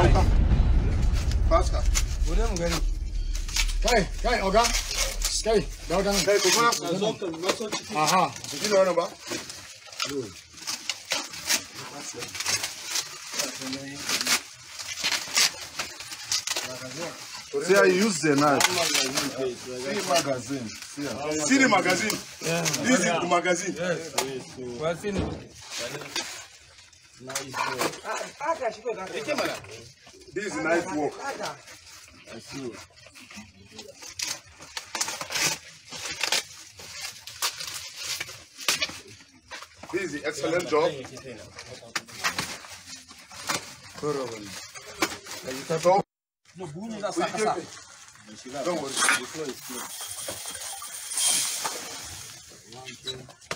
wuka wuka faska gode mu gani kai kai oga kai da wajen kai ko kuma aha ciki da wani ba See, I use the knife. See magazine. See, see the magazine. Yeah. This is the magazine. Yes. Yes. Yes. Nice work. Ah, ah, this is nice work. I ah, see. This is excellent job. No, Don't worry, the floor is One, two.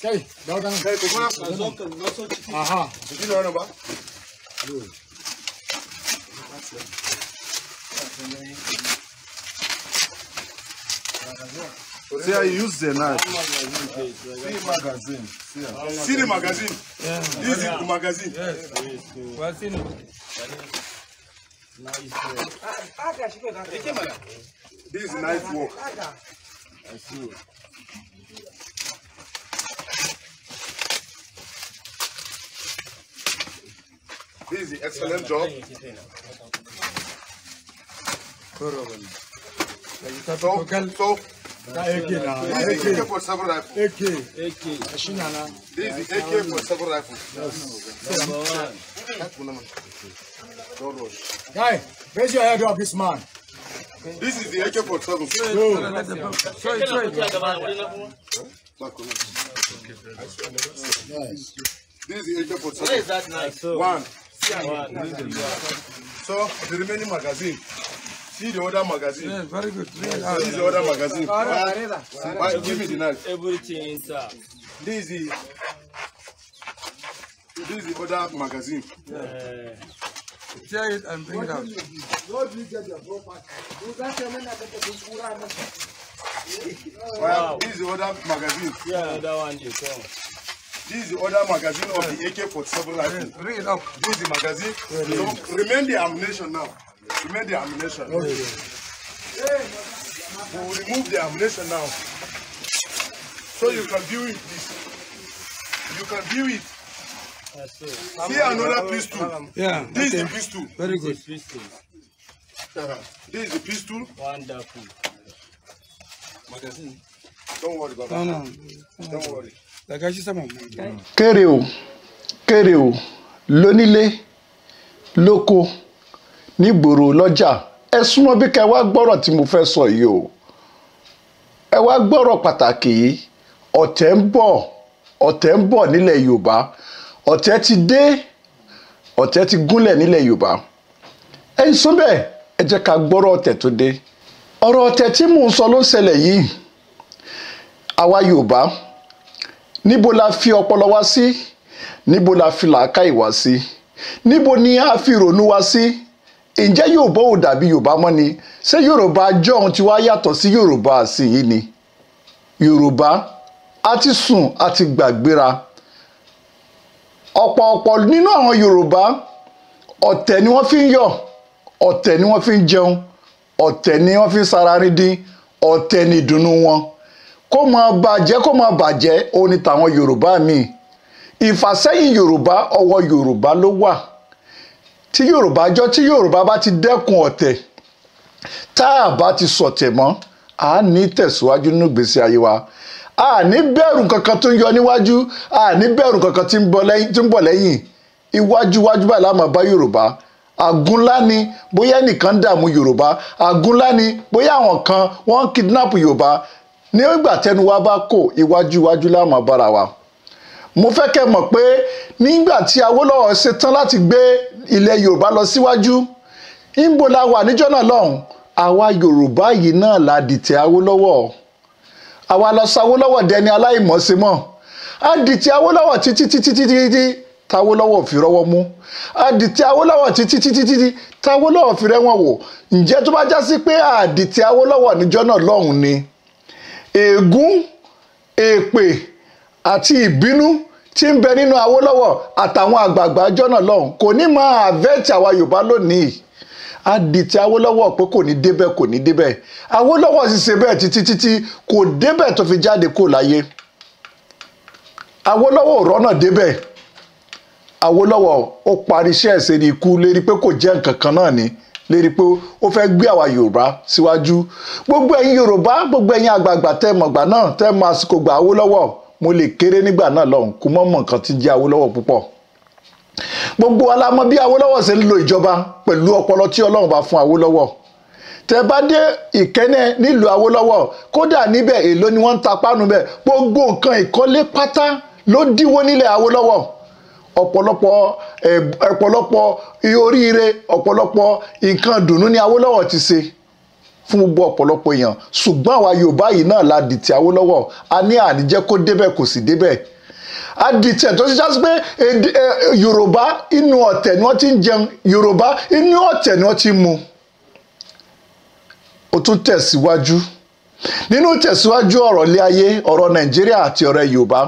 Kai, dawo nan. Kai, kuma ka zo ka naso ciki. Aha, ciki da wani ba. See, I use the knife. See magazine. See the magazine. Yeah. This is the magazine. Yes. yes. Well, see no. This is knife work. I see. Easy, excellent job. So, so, AK now. AK for seven rifle. AK. AK. Ashinana. This is AK for seven rifle. Yes. Don't rush. Guy, raise your head up, this man. This is the AK for seven. No. Sorry, sorry. This is the AK for seven. Where is that knife? One. So the remaining magazine. See the other magazine. Yes, very good. Yes, See the other magazine. Why, give me the knife. Everything sir. This is this is the other magazine. Yeah. Tear it and bring it out. Lord, Wow. This is the other magazine. Yeah, that one you This is the other magazine of the AK-47 rifle. Bring it up. This is the magazine. Yeah, so yeah. remain the ammunition now. Remain the ammunition. Okay. Yeah. We will remove the ammunition now. So you can view it. This. You can view it. See another pistol. Yeah. This okay. is the pistol. Very good. This is the pistol. Wonderful. Magazine. Don't worry, Baba. No, no. Don't worry kéré o kéré o lónílé lóko nígboro lọ́jà ẹ súnmọ́ bí ká ẹ wá gbọ́rọ̀ tí mo fẹ́ sọ yìí o ẹ wá gbọ́rọ̀ pàtàkì yìí ọ̀tẹ̀ ń bọ̀ ọ̀tẹ̀ ń bọ̀ nílẹ̀ yorùbá ọ̀tẹ̀ ti dé ọ̀tẹ̀ ti gúnlẹ̀ nílẹ̀ yorùbá ẹ ń ẹ jẹ́ ká gbọ́rọ̀ ọ̀tẹ̀ tó dé ọ̀rọ̀ ọ̀tẹ̀ tí mò ń sọ ló ń ṣẹlẹ̀ yìí àwa yorùbá níbo la fi ọpọlọ wa sí níbo la fi làákàyè wa sí níbo ni a fi rònú wa sí ǹjẹ́ Yorùbá ò dàbí Yorùbá mọ́ ni ṣé Yorùbá jọ̀hún ti wá yàtọ̀ sí Yorùbá àsìyí ni Yorùbá a ti sùn a ti gbàgbéra ọ̀pọ̀ọ̀pọ̀ nínú àwọn Yorùbá ọ̀tẹ̀ ni wọ́n fi ń yọ̀ ọ̀tẹ̀ ni wọ́n fi ń jẹun ọ̀tẹ̀ ni wọ́n fi ń sara rí dín ọ̀tẹ̀ ni ìdùnnú wọn kó má bàjẹ́ kó má bàjẹ́ òun ni tàwọn yorùbá míì ìfàsẹ́yìn yorùbá ọwọ́ yorùbá ló wà tí yorùbá jọ tí yorùbá bá ti dẹ́kun ọ̀tẹ̀ tá a bá ti sọ̀tẹ̀ mọ́ a ní tẹ̀síwájú nínú ìgbésí ayé wa a ní bẹ̀rù kankan tó ń yọ níwájú a ní bẹ̀rù kankan tí ń bọ̀ lẹ́yìn iwájú wájú báyìí la máa bá yorùbá àgúnlá ni bóyá ẹnìkan dààmú yorùbá àgúnlá ni bóyá àwọn kan wọ́n kidnap yorùbá nígbà tẹnu wa bá kò iwájú iwájú láàmú abára wa mo fẹ́ kẹ́ mọ̀ pé nígbà tí Awólọ́wọ̀ ṣetán láti gbé ilẹ̀ Yorùbá lọ síwájú ńbo la wà níjọ́ náà lọ́hùn àwa Yorùbá yìí náà la dìtẹ̀ Awólọ́wọ̀ àwa lọ sọ Awólọ́wọ̀ dẹni aláìmọ̀ọ́sẹmọ̀ a dìtẹ̀ Awólọ́wọ̀ títí títí títí títí táwólọ́wọ̀ fi rọ́wọ́ mú àdìtẹ̀ Awólọ́wọ̀ títí títí títí táwólọ́wọ̀ fi rẹ́wọ̀n wò ǹjẹ́ tó bá já sí pé àdìtẹ̀ Awólọ́wọ̀ níjọ́ náà lọ́hùn ni ègún èpè àti ìbínú tí ń bẹ nínú Awólọ́wọ̀ àtàwọn àgbààgbà jọ́nà lọ́hùn kò ní máa àvẹ́tì àwa Yorùbá lónìí adìtì Awólọ́wọ̀ pé kò ní débẹ̀ kò ní débẹ̀ Awólọ́wọ̀ sì ṣe bẹ́ẹ̀ títí títí kò débẹ̀ tó fi jáde kó láyé Awólọ́wọ̀ rọ́nà débẹ̀ Awólọ́wọ̀ ó parí iṣẹ́ ẹ̀sẹ̀ ní ikú lérí pé kò jẹ́ nǹkan kan náà ni lérí pé ó fẹ́ gbé àwa yorùbá síwájú gbogbo ẹ̀yin yorùbá gbogbo ẹ̀yin àgbààgbà tẹ́ mọ̀ gbà náà tẹ́ mọ̀ àsìkò gbà Awólọ́wọ̀ mo lè kéré nígbà náà lọ́hùn kú mọ́mọ́ nǹkan tí jẹ́ Awólọ́wọ̀ púpọ̀ gbogbo wa la mọ̀ bí Awólọ́wọ̀ ṣe ń lo ìjọba pẹ̀lú ọpọlọ tí Ọlọ́run bá fún Awólọ́wọ̀ tẹ bá dé ìkẹ́nẹ́ nílùú Awólọ́wọ̀ kódà níbẹ̀ èlò ni wọ́n ń tapánu bẹ̀ gbogbo nǹkan ìkọ́lé pátá ló dínwó nílẹ̀ Awólọ́wọ̀ ọ̀pọ̀lọpọ̀ ọ̀pọ̀lọpọ̀ oríire ọ̀pọ̀lọpọ̀ nǹkan dùnú ní Awólọ́wọ̀ ti ṣe fún gbogbo ọ̀pọ̀lọpọ̀ èèyàn ṣùgbọ́n àwa Yorùbá yìí náà la dìtì Awólọ́wọ̀ a ní àníjẹ́ kó débẹ̀ kò sì débẹ̀ a dìtẹ̀ tó ṣe ṣáṣí pé Yorùbá inú ọ̀tẹ̀ ni wọ́n ti ń jẹun Yorùbá inú ọ̀tẹ̀ ni wọ́n ti ń mu ó tún tẹ̀síwájú nínú tẹ̀síwájú ọ̀rọ̀ ilé ayé ọ̀rọ̀ Nàìjíríà àti ọ̀rọ̀ Yorùbá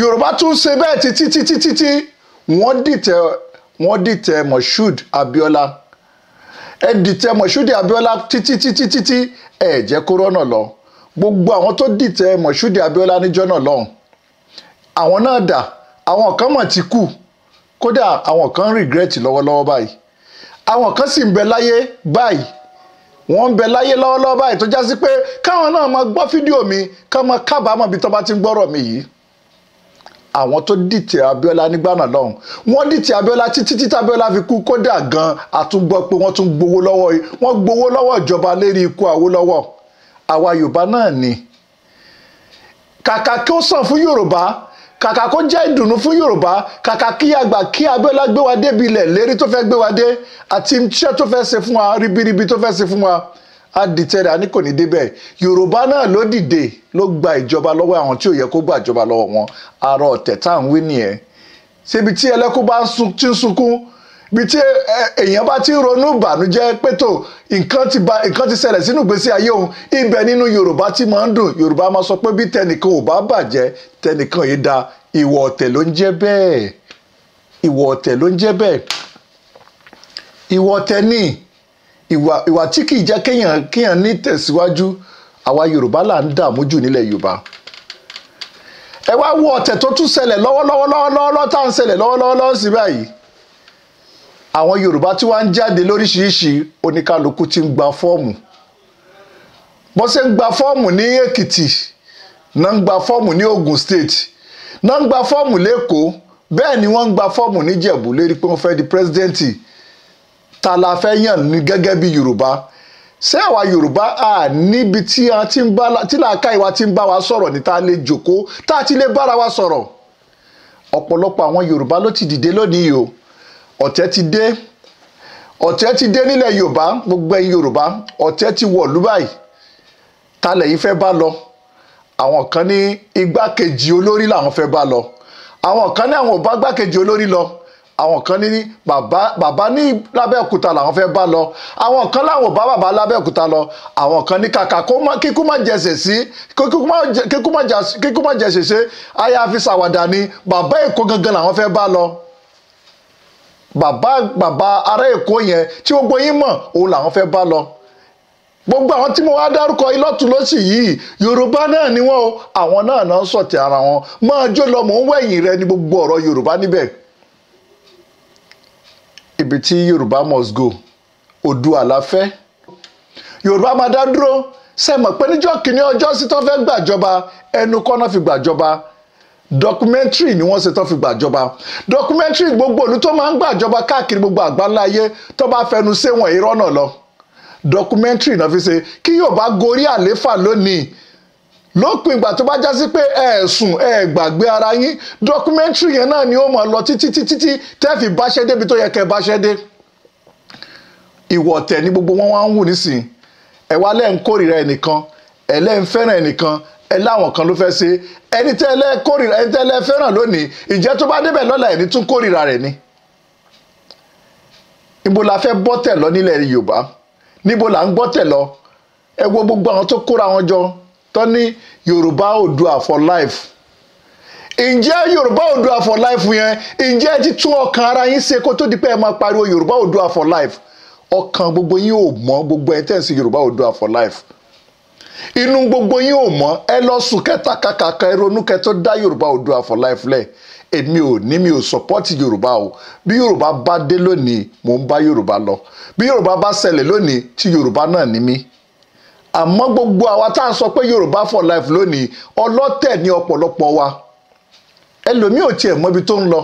yorùbá tún ṣe bẹ́ẹ̀ títí títí títí wọ́n dìtẹ̀ wọ́n dìtẹ̀ moshood abiola ẹ dìtẹ̀ moshood abiola títí títí títí ẹ jẹ́ kó rọ́nà lọ gbogbo àwọn tó dìtẹ̀ moshood abiola níjọ́ náà lọ́hùn àwọn náà dà àwọn kan mọ̀ ti kú kódà àwọn kan regret lọ́wọ́lọ́wọ́ báyìí àwọn kan sì ń bẹ láyé báyìí wọ́n ń bẹ láyé lọ́wọ́lọ́wọ́ báyìí tó já sí pé káwọn náà máa gbọ́ fídíò mi ká máa kábàámọ̀ bí tó bá ti ń gbọ́rọ̀ mi yìí àwọn tó dìtẹ̀ Abíọ́lá nígbà náà lọ́hùn wọ́n dìtẹ̀ Abíọ́lá títí títí Abíọ́lá fi kú kódà gan àtúgbọ́ pé wọ́n tún gbowó lọ́wọ́ wọ́n gbowó lọ́wọ́ ìjọba lérí ikú Awólọ́wọ̀ àwa Yorùbá náà ni kàkà kí ó sàn fún Yorùbá kàkà kó jẹ́ ìdùnnú fún Yorùbá kàkà kí àgbà kí Abíọ́lá gbé wa dé bilẹ̀ lérí tó fẹ́ gbé wa dé àti iṣẹ́ tó fẹ́ ṣe fún wa ribiribi tó fẹ́ ṣe fún wa á di tẹ́lẹ̀ àní kò ní débẹ̀ yorùbá náà ló dìde ló gba ìjọba lọ́wọ́ àwọn tí ò yẹ kó gba ìjọba lọ́wọ́ wọn àrò ọ̀tẹ̀ tá à ń wí nìyẹn ṣébi tí ẹlẹ́kùn bá ti ń sunkún bí tí èèyàn bá ti ronú ìbànújẹ́ pétò nǹkan ti ba nǹkan ti ṣẹlẹ̀ sínú ìgbésí ayé òun ibẹ̀ nínú yorùbá tí máa ń dùn yorùbá máa sọ pé bí tẹnìkan ò bá bàjẹ́ tẹnìkan yìí da ìwọ̀ ọ̀tẹ̀ ló ń jẹ́ bẹ́ẹ̀ ìwọ̀ ọ̀tẹ̀ ló ń jẹ́ bẹ́ẹ̀ ìwọ̀ ọ̀tẹ̀ ni ìwà ìwà tí kì í jẹ́ kéèyàn kéèyàn ní tẹ̀síwájú àwa yorùbá là ń dààmú jù nílẹ̀ yorùbá ẹ wá wo ọ̀tẹ̀ tó tún ṣẹlẹ̀ lọ́wọ́lọ́wọ́ lọ́wọ́lọ́wọ́ tá à ń ṣẹlẹ̀ lọ́wọ́lọ́wọ́ lọ́wọ́ sí báyìí àwọn yorùbá tí wọ́n ń jáde lóríṣiríṣi oníkálukú ti ń gba fọ́ọ̀mù bó ṣe ń gba fọ́ọ̀mù ní èkìtì náà ń gba fọ́ọ̀mù ní ogun state náà ń gba fọ́ọ̀mù lẹ́kọ̀ọ́ bẹ́ẹ̀ ni wọ́n ń gba fọ́ọ̀mù níjẹ̀bú lérí pé wọ́n fẹ́ di pírẹ́sidẹ́ǹtì ta la fẹ́ yàn ní gẹ́gẹ́ bí yorùbá ṣé àwa yorùbá à níbi tí a ti ń bá tí làákà ìwà ti ń bá wa sọ̀rọ̀ ní ta lè jókòó tá a ti lè bára wa sọ̀rọ̀ ọ̀pọ̀lọpọ̀ àwọn yorùbá ló ti dìde lónìí o ọ̀tẹ̀ ti dé ọ̀tẹ̀ ti dé nílẹ̀ yorùbá gbogbo ẹ̀yin yorùbá ọ̀tẹ̀ ti wọ̀lú báyìí ta lẹ̀yin fẹ́ bá lọ àwọn kan ní igbákejì olórí làwọn fẹ́ bá lọ àwọn kan ní àwọn ò bá igbákejì olórí lọ àwọn kan ní bàbá bàbá ní lábẹ́òkúta làwọn fẹ́ bá lọ àwọn kan láwọn ò bá bàbá lábẹ́òkúta lọ àwọn kan ní kàkà kíkú má jẹsẹ̀ sí kíkú má jẹsẹ̀ sí àyàfi ṣàwàdà ni bàbá èkó gangan làwọn fẹ́ bá lọ bàbá bàbá ará èkó yẹn tí gbogbo yín mọ̀ òun làwọn fẹ́ bá lọ gbogbo àwọn tí mo wá dárúkọ ìlọ́tùlọ́sì yìí yorùbá náà ni wọ́n o àwọn náà náà sọ̀tì ara wọn máa jó lọ mò ń wẹ̀yìn rẹ ní gbogbo ọ̀rọ̀ yorùbá níbẹ̀ ibi tí yorùbá must go oòdùà la fẹ́ yorùbá máa dá dúró ṣe mọ̀ pé níjọ́ kìíní ọjọ́ sí tó fẹ́ gbàjọba ẹnu kọ́nà fi gbàjọba documentary ni wọ́n ṣe tó fi gbàjọba documentary gbogbo ìlú tó máa ń gbàjọba káàkiri gbogbo àgbáńlá ayé tó bá fẹnu ṣe wọ̀nyí rọ́nà lọ documentary náà fi ṣe kí yorùbá gorí àléfà lónìí lópin ìgbà tó bá já sí pé ẹ sùn ẹ gbàgbé ara yín dọkumẹ́ntìrì yẹn náà ni ó máa lọ títí títí tí tẹ́ẹ̀fì báṣẹ́ débi tó yẹ kẹ́ báṣẹ́ dé ìwọ̀ ọ̀tẹ̀ ni gbogbo wọn wá ń wù nísìnyí ẹ wá lẹ́ ń kórìíra ẹnìkan ẹ lẹ́ ń fẹ́ràn ẹnìkan ẹ láwọn kan ló fẹ́ ṣe ẹni tẹ́ lẹ́ kórìíra ẹni tẹ́ lẹ́ fẹ́ràn lónìí ìjẹ́ tó bá débẹ̀ lọ́la ẹni tún kórìíra rẹ̀ ni. níbo la fẹ́ bọ́ tẹ̀ lọ nílẹ̀ Yorùbá níbo la ń gbọ́ lọ ẹ wo gbogbo àwọn tó kóra wọn jọ tó ní yorùbá oòdùà for life ǹjẹ́ yorùbá oòdùà for life yẹn ǹjẹ́ ẹ ti tún ọkàn ara yín ṣe kó tó di pé ẹ máa pariwo yorùbá oòdùà for life ọkàn gbogbo yín ò mọ gbogbo ẹ tẹ̀sí yorùbá oòdùà for life inú gbogbo yín ò mọ ẹ lọ sùn kẹta kàkàkà ẹ ronú kẹ tó dá yorùbá oòdùà for life lẹ̀ èmi ò ní mi ò sọpọ́tì yorùbá o bí yorùbá bá dé lónìí mò ń bá yorùbá lọ bí yorùbá bá ṣẹlẹ̀ lónìí ti yorùbá náà ní mi. àmọ́ gbogbo àwa tá à sọ pé Yorùbá for life lónìí ọlọ́tẹ̀ ní ọ̀pọ̀lọpọ̀ wa ẹlòmíì ò tiẹ̀ mọ́bi tó ń lọ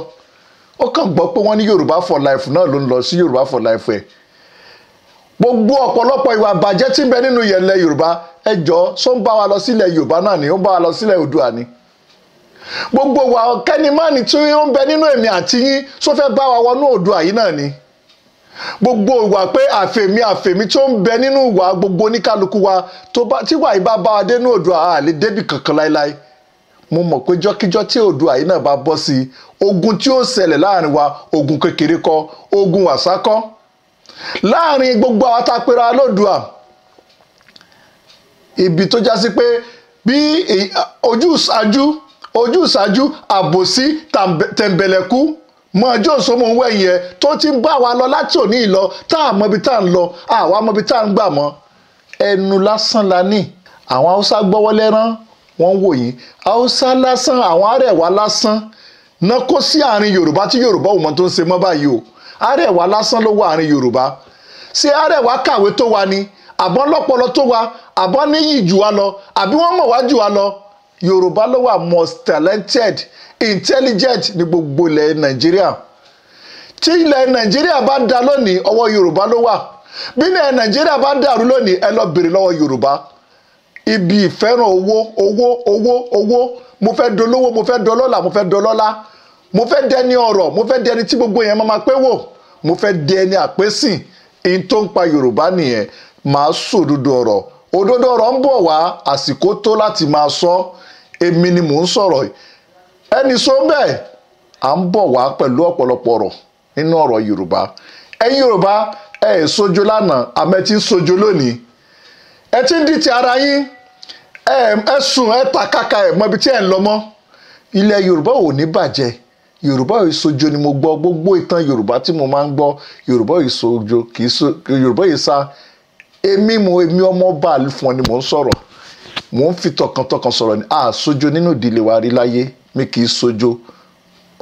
ó kàn gbọ́ pé wọ́n ní Yorùbá for life náà ló ń lọ sí Yorùbá for life ẹ̀ gbogbo ọ̀pọ̀lọpọ̀ ìwà àbàjẹ́ tí ń bẹ nínú ilẹ̀ Yorùbá ẹ jọ só ń bá wa lọ sílẹ̀ Yorùbá náà ni ó ń bá wa lọ sílẹ̀ Oòduà ni gbogbo wa kẹ́ni máà ní tí ó ń bẹ nínú èmi àti só fẹ́ bá wa wọnú Oòduà yìí náà ni gbogbo ìwà pé àfẹ̀mí àfẹ̀mí tó ń bẹ nínú ìwà gbogbo oníkálukú wa tí wàá ibà bá wa dé ní Oòduà a lè débi kankan láéláé mo mọ̀ pé jọ́kíjọ́ tí Oòduà yìí náà bá bọ́ sí i ogun tí ó ṣẹlẹ̀ láàrin wa ogun kékeré kọ́ ogun àṣà kọ́ láàrin gbogbo àwọn atapẹ̀rẹ̀ alódùà ibi tó já sí pé bí ojú ìṣáájú ojú ìṣáájú àbòsí tẹ̀m̀bẹ̀lẹ̀kú mọ ọjọ́ òṣòmò ń wẹ̀yìn ẹ tó ti ń bá wa lọ láti òní ìlọ tá a mọbi tá a ń lọ àwa mọbi tá a ń gbà mọ́ ẹnu lásán lani, ní àwọn haúsá gbọ́wọ́ lẹ́rán wọ́n ń wò yín haúsá lásán àwọn arẹwà lásán náà kó sí àárín yorùbá tí yorùbá ò mọ tó ń ṣe mọ́ báyìí o arẹwà lásán ló wà àárín yorùbá ṣé arẹwà kàwé tó wa ni àbọn lọ́pọlọ tó wa àbọn níyì jù wa lọ àbí wọ́n mọ̀ wá jù wa lọ yorùbá ló wà most talented intelligent ní gbogbo ilẹ̀ nàìjíríà tí ilẹ̀ nàìjíríà bá da lónìí ọwọ́ yorùbá ló wà bí ilẹ̀ nàìjíríà bá dàrú lónìí ẹ lọ bèrè lọ́wọ́ yorùbá ibi ìfẹ́ràn owó owó owó owó mo fẹ́ dolówó mo fẹ́ dọlọ́lá mo fẹ́ dọlọ́lá mo fẹ́ dẹni ọ̀rọ̀ mo fẹ́ dẹni tí gbogbo yẹn máa pé wò mo fẹ́ dẹni àpésìn in tó ń pa yorùbá nìyẹn màá sòdodo ọ̀rọ̀ òdodo ọ̀rọ̀ ń bọ̀ wá àsìkò tó láti máa sọ èmi ni mò ń sọ̀rọ̀ ẹni sọ bẹ́ẹ̀ à ń bọ̀ wá pẹ̀lú ọ̀pọ̀lọpọ̀ ọ̀rọ̀ nínú ọ̀rọ̀ Yorùbá ẹ̀yin Yorùbá ẹ ẹ̀ sojo lánàá àmẹ́ ń sojo lónìí ẹ ti ń ti ara yín ẹ sùn ẹ ta ẹ tí ẹ ń lọ ilẹ̀ Yorùbá ò ni mo gbọ́ gbogbo ìtàn yorùbá tí mo máa ń gbọ́ yorùbá yìí sojo kì sa èmi mo èmi ọmọ ọba àlùfọ́n ni mò ń sọ̀rọ̀ mò ń fi tọkàntọkàn sọ̀rọ̀ ni àsojo nínú ìdílé wa rí láyé mi kì í sojo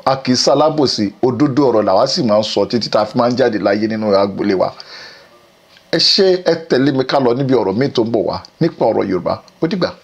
a kì í sálábòsí òdodo ọ̀rọ̀ làwa sì máa ń sọ títí tá a fi máa ń jáde láyé nínú agboolé wa ẹ ṣe ẹ tẹ̀lé mi ká lọ níbi ọ̀rọ̀ mi tó ń bọ̀ wá nípa ọ̀rọ̀ Yorùbá ó dìgbà.